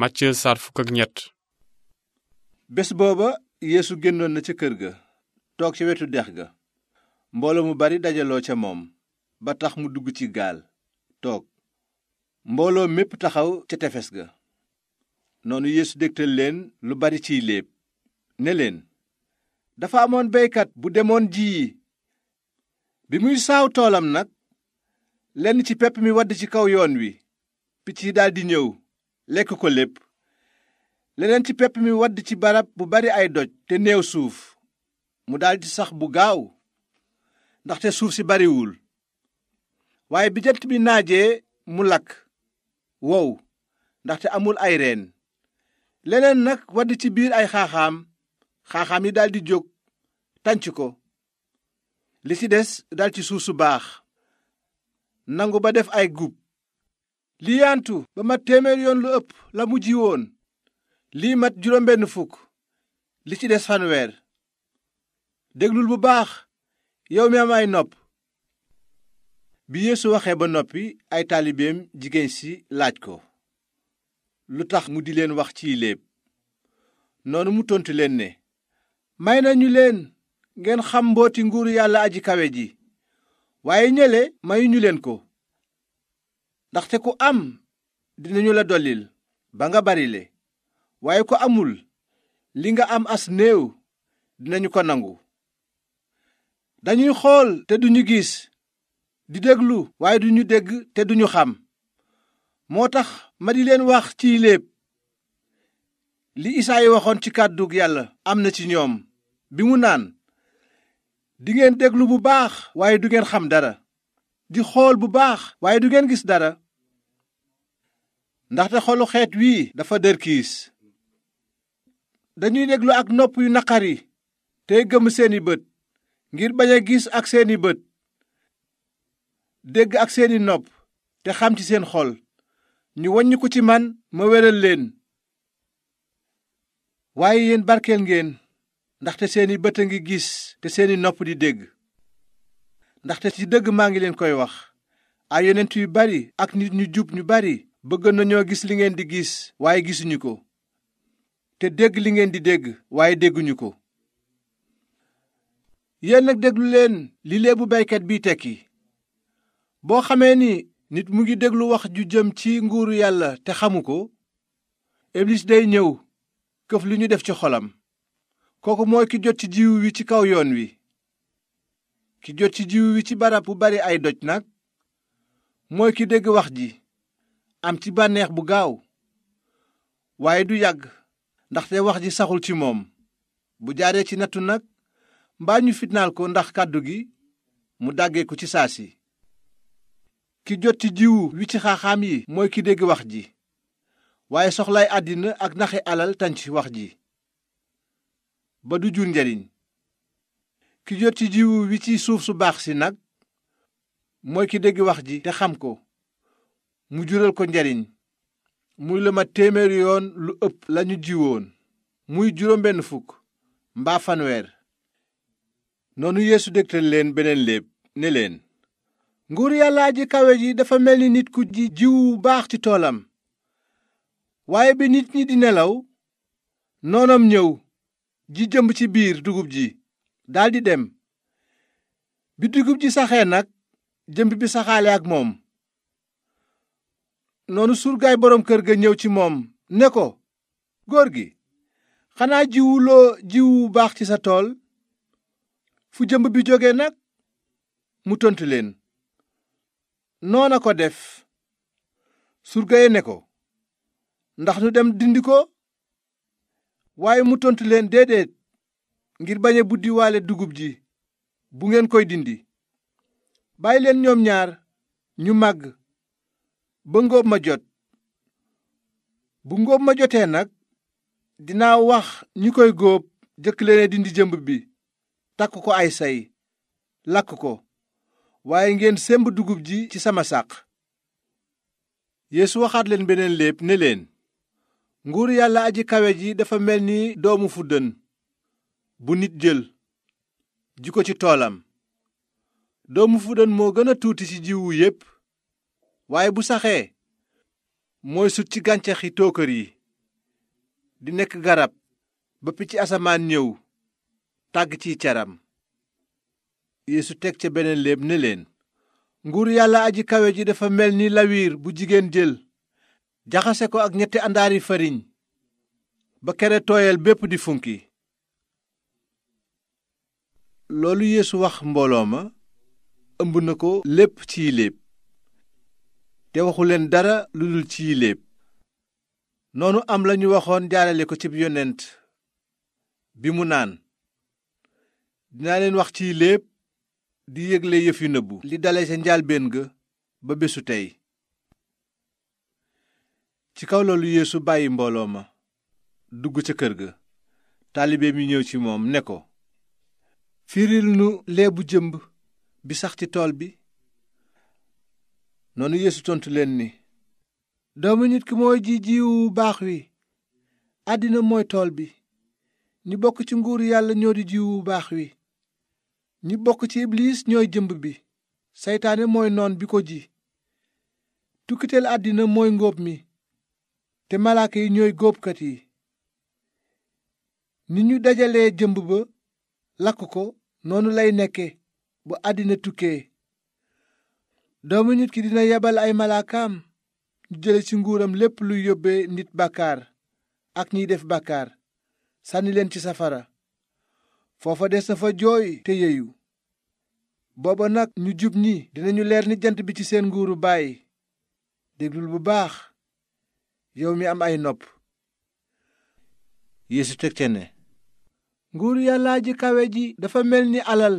Màcce saar bés booba yéesu génnoon na ca kër ga toog ca wetu dex ga mbooloo mu bari dajaloo ca moom ba tax mu dugg ci gaal toog mbooloo mépp taxaw ca tefes ga noonu yeesu dégtal leen lu bari ciy léeb ne leen dafa amoon beykat bu demoon ji yi bi muy saaw toolam nag lenn ci pepp mi wadd ci kaw yoon wi picc yi daldi ñëw lekk ko lépp leneen ci pepp mi wadd ci barab bu bari ay doj te néew suuf mu daldi sax bu gaaw ndaxte suuf si bariwul waaye bi jant bi naaje mu lakk wow ndaxte amul ay reen leneen nag wadd ci biir ay xaaxaam xaaxaam yi daldi jóg tànc ko li ci des dal ci suuf su baax nangu ba def ay gub liyaantu ba mat téeméer yoon lu ëpp la mu ji woon lii mat juróom benn fukk li ci des fanweer déglul bu baax yow mi am ay nopp bi yeesu waxee ba noppi ay taalibeem jigéen si laaj ko lu tax mu di leen wax ciy léeb noonu mu tontu leen ne may nañu leen ngeen xam mbooti nguuru yàlla aji kawe ji waaye ñele mayuñu leen ko ndaxte ku am dinañu la dollil ba nga barile waaye ko amul li nga am as néew dinañu ko nangu dañuy xool te duñu gis di déglu waaye duñu dégg te duñu xam moo tax ma di leen wax ciy léeb li Isaayi waxoon ci kàddug yàlla am na ci ñoom bi mu naan dingeen déglu bu baax waaye du ngeen xam dara di xool bu baax waaye du ngeen gis dara ndaxte xolu xeet wii dafa dërkiis dañuy déglu ak nopp yu naqari tey gëmm seeni bët ngir bañ a gis ak seeni bët dégg ak seeni nopp te xam ci seen xol ñu waññi ko ci man ma wéral leen waaye yéen barkeel ngeen ndaxte seeni bët a ngi gis te seeni nopp di dégg ndaxte ci dëgg maa ngi leen koy wax ay yonent yu bari ak nit ñu jub ñu bari bëgg nañoo gis li ngeen di gis waaye gisuñu ko te dégg li ngeen di dégg waaye dégguñu ko yéen nag déglu leen li léebu baykat bi tekki boo xamee ni nit mu ngi déglu wax ju jëm ci nguuru yàlla te xamu ko iblis day ñëw këf li ñu def ci xolam kooku mooy ki jot ci jiw wi ci kaw yoon wi ki jot ci jiw wi ci barab bu bari ay doj nag mooy ki dégg wax ji am ci bànneex bu gaaw waaye du yàgg ndaxte wax ji saxul ci moom bu jaaree ci nattu nag mbaa ñu fitnaal ko ndax kàddu gi mu dàggee ko ci si ki jot ci jiwu wi ci xaaxaam yi mooy ki dégg wax ji waaye soxlaay àddina ak naxe alal tañ ci wax ji ba du jur njariñ ki jot ci jiwu wi ci suuf su baax si nag mooy ki dégg wax ji te xam ko mu jural ko njariñ muy la ma téeméer yoon lu ëpp lañu jiwoon muy juróom benn fukk mbaa fanweer noonu yéesu dégtal leen beneen léeb ne leen nguur yàlla ji kawe ji dafa mel ni nit ku ji jiwu baax ci toolam waaye bi nit ñi di nelaw noonam ñëw ji jëmb ci biir dugub ji daldi dem bi dugub ji saxee nag jëmb bi saxaale ak moom noonu surgaay boroom kër ga ñëw ci moom né ko góor gi xanaa jiwuloo jiwu wu baax ci sa tool fu jëmb bi jóge nag mu tontu leen noona ko def surga ya ne ko ndax ñu dem dindi ko waaye mu tontu leen déedéet ngir bañ a buddiwaale dugub ji bu ngeen koy dindi bàyyi leen ñoom ñaar ñu màgg ba ngóob ma jot bu ngóob ma jotee nag dinaa wax ñi koy góob jëkk leen dindi jëmb bi takk ko ay say lakk ko waaye ngeen semb dugub ji ci sama sàq Yeesu waxaat beneen léeb ne leen nguuru yàlla aji kawe ji dafa mel ni doomu fuddën bu nit jël ji ko ci toolam doomu fudan moo gën a tuuti ci jiwu yépp waaye bu saxee mooy sut ci gàncaxi tookër yi di nekk garab ba picc asamaan ñëw tàgg ciy caram yéesu teg ca beneen léeb ne leen nguur yàlla aji kawe ji dafa mel ni lawiir bu jigéen jël jaxase ko ak ñetti àndaari fariñ ba kere tooyal bépp di funki loolu yéesu wax mbooloo ma ëmb na ko lépp ci léeb te waxu leen dara lu dul ci léeb noonu am lañu waxoon jaarale ko cib yonent bi mu naan dinaa leen wax ci léeb di yëgle yëf yu nëbbu li dale ca njaalbéen ga ba bésu tey ci kaw loolu yéesu bàyyi mbooloo ma dugg ca kër ga taalibe mi ñëw ci moom ne ko firil nu leebu jëmb bi sax ci tool bi noonu yeesu tontu leen ni doomu nit ki mooy ji jiwu baax wi àddina mooy tool bi ñi bokk ci nguuru yàlla ñoo di jiwu baax wi ñi bokk ci iblis ñooy jëmb bi seytaane mooy noon bi ko ji tukkiteel àddina mooy ngóob mi te malaaka yi ñooy góobkat yi ni ñu dajale jëmb ba lakk ko noonu lay nekke bu àddina tukkee doomu nit ki dina yebal ay malaakaam ñu jële ci nguuram lépp luy yóbbe nit bàkkaar ak ñiy def bàkkaar sànni leen ci safara foofa des na fa jooy te yeyu booba nag ñu jub ñi dinañu leer ni jant bi ci seen nguuru baay déglul bu baax yow mi am ay nopp Yeesu teg nguuru yàllaa ji kawe ji dafa mel ni alal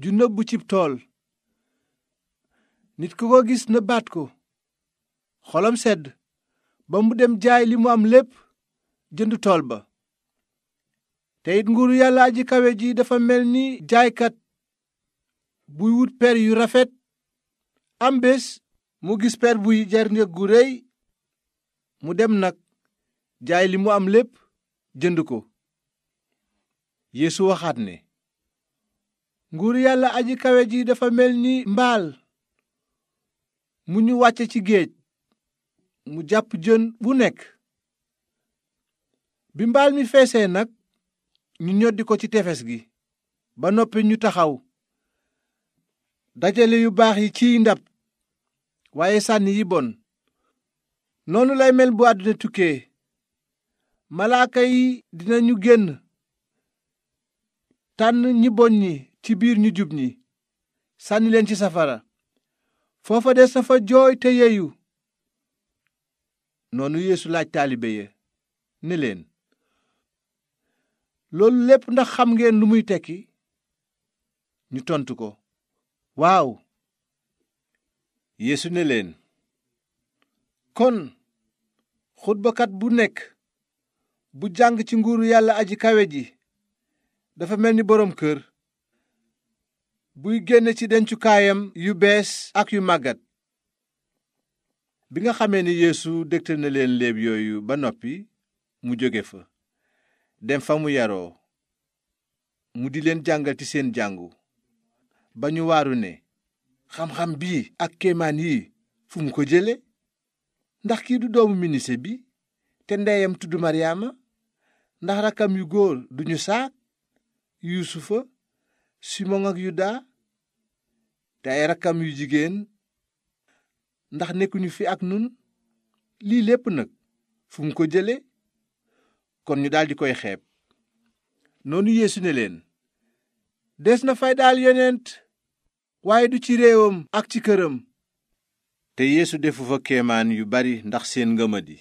ju nëbbu cib tool nit ku ko gis nëbbaat ko xolam sedd ba mu dem jaay li mu am lépp jënd tool ba te it nguuru yàllaa ji kawe ji dafa mel ni jaaykat buy wut per yu rafet am bés mu gis per buy jar gu réy mu dem nag jaay li mu am lépp jënd ko yeesu waxaat ne nguur yàlla aji kawe ji dafa mel ni mbaal mu ñu wàcce ci géej mu jàpp jën bu nekk bi mbaal mi feesee nag ñu ñoddi ko ci tefes gi ba noppi ñu taxaw dajale yu baax yi ciy ndab waaye sànni yi bon noonu lay mel bu àddina tukkee malaaka yi dina ñu génn tànn ñi bon ñi ci biir ñu jub ñi sànni leen ci safara foofa des na fa jooy te yeeyu noonu yéesu laaj taalibe ya ne leen loolu lépp ndax xam ngeen lu muy tekki ñu tontu ko waaw yeesu ne leen kon xutbakat bu nekk bu jàng ci nguuru yàlla aji kawe ji dafa mel ni boroom kër buy génn ci dencukaayam yu bees ak yu màggat bi nga xamee ni yéesu dégtal na leen léeb yooyu ba noppi mu jóge fa dem fa mu yaroo mu di leen jàngal ci seen jàngu ba ñu waaru ne xam-xam bii ak kéemaan yi fu mu ko jële ndax kii du doomu minise bi te ndeyam tudd maryaama ndax rakkam yu góor duñu saak yuusufa simon ak yuda te ay rakkam yu jigéen ndax nekkuñu fi ak nun lii lépp nag fu mu ko jële kon ñu daldi koy xeeb noonu yeesu ne leen des na fay daal yonent waaye du ci réewam ak ci këram te yéesu defu fa kéemaan yu bari ndax seen ngëmadi